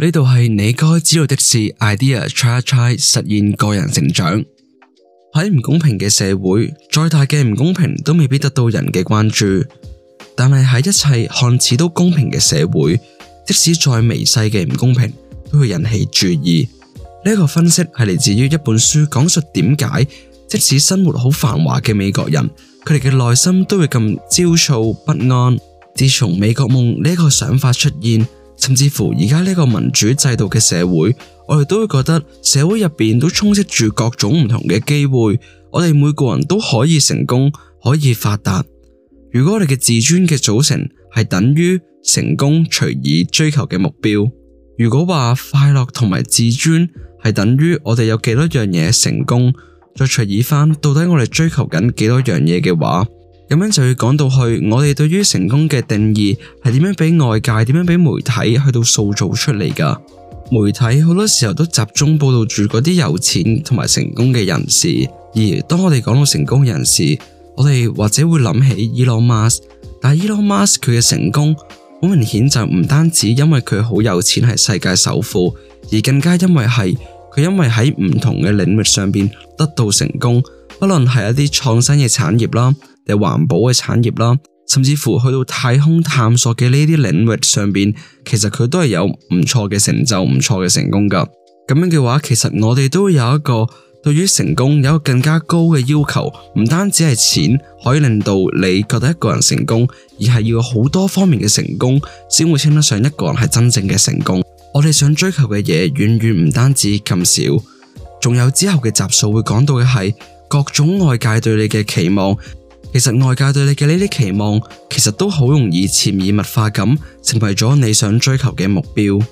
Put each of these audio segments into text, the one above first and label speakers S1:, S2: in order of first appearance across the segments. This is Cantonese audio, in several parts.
S1: 呢度係你該知道的事。idea try 一 try 實現個人成長。喺唔公平嘅社會，再大嘅唔公平都未必得到人嘅關注。但係喺一切看似都公平嘅社會，即使再微細嘅唔公平都會引起注意。呢、這、一個分析係嚟自於一本書，講述點解即使生活好繁華嘅美國人，佢哋嘅內心都會咁焦躁不安。自從美國夢呢一、這個想法出現。甚至乎而家呢個民主制度嘅社會，我哋都會覺得社會入面都充斥住各種唔同嘅機會，我哋每個人都可以成功，可以發達。如果我哋嘅自尊嘅組成係等於成功除以追求嘅目標，如果話快樂同埋自尊係等於我哋有幾多樣嘢成功再除以翻，到底我哋追求緊幾多樣嘢嘅話？咁樣就要講到去，我哋對於成功嘅定義係點樣俾外界、點樣俾媒體去到塑造出嚟㗎。媒體好多時候都集中報道住嗰啲有錢同埋成功嘅人士。而當我哋講到成功人士，我哋或者會諗起 Elon Musk。但 Elon Musk 佢嘅成功好明顯就唔單止因為佢好有錢，係世界首富，而更加因為係佢因為喺唔同嘅領域上面得到成功，不論係一啲創新嘅產業啦。嘅環保嘅產業啦，甚至乎去到太空探索嘅呢啲領域上面，其實佢都係有唔錯嘅成就，唔錯嘅成功㗎。咁樣嘅話，其實我哋都有一個對於成功有一個更加高嘅要求，唔單止係錢可以令到你覺得一個人成功，而係要好多方面嘅成功先會稱得上一個人係真正嘅成功。我哋想追求嘅嘢遠遠唔單止咁少，仲有之後嘅集數會講到嘅係各種外界對你嘅期望。其實外界對你嘅呢啲期望，其實都好容易潛移默化咁，成為咗你想追求嘅目標。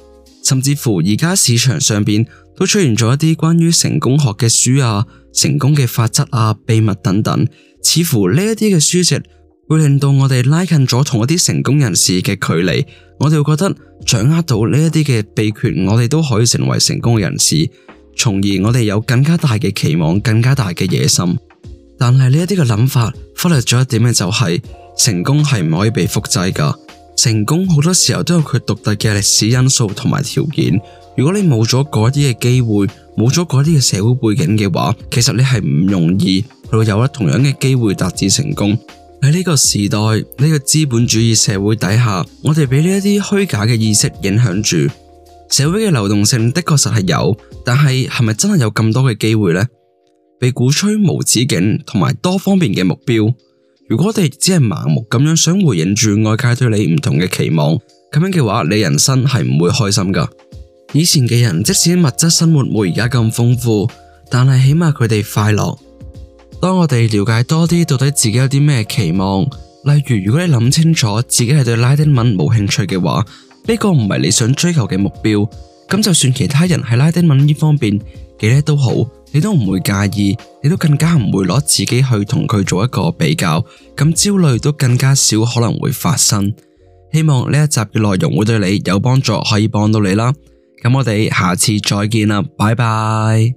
S1: 甚至乎而家市場上面都出現咗一啲關於成功學嘅書啊、成功嘅法則啊、秘密等等。似乎呢一啲嘅書籍會令到我哋拉近咗同一啲成功人士嘅距離。我哋會覺得掌握到呢一啲嘅秘訣，我哋都可以成為成功人士，從而我哋有更加大嘅期望，更加大嘅野心。但係呢一啲嘅諗法忽略咗一點，就係成功係唔可以被複製噶成功好多時候都有佢獨特嘅歷史因素同埋條件。如果你冇咗嗰啲嘅機會，冇咗嗰啲嘅社會背景嘅話，其實你係唔容易去有同樣嘅機會達至成功。喺呢個時代，呢個資本主義社會底下，我哋俾呢一啲虛假嘅意識影響住，社會嘅流動性的確實係有，但係係咪真係有咁多嘅機會呢？被鼓吹無止境同埋多方面嘅目標，如果我哋只係盲目咁樣想回應住外界對你唔同嘅期望，咁樣嘅話，你人生係唔會開心噶。以前嘅人即使物質生活冇而家咁豐富，但係起碼佢哋快樂。當我哋了解多啲到底自己有啲咩期望，例如如果你諗清楚自己係對拉丁文冇興趣嘅話，呢個唔係你想追求嘅目標，咁就算其他人喺拉丁文呢方面幾叻都好。你都唔會介意，你都更加唔會攞自己去同佢做一個比較，咁焦慮都更加少可能會發生。希望呢一集嘅內容會對你有幫助，可以幫到你啦。咁我哋下次再見啦，拜拜。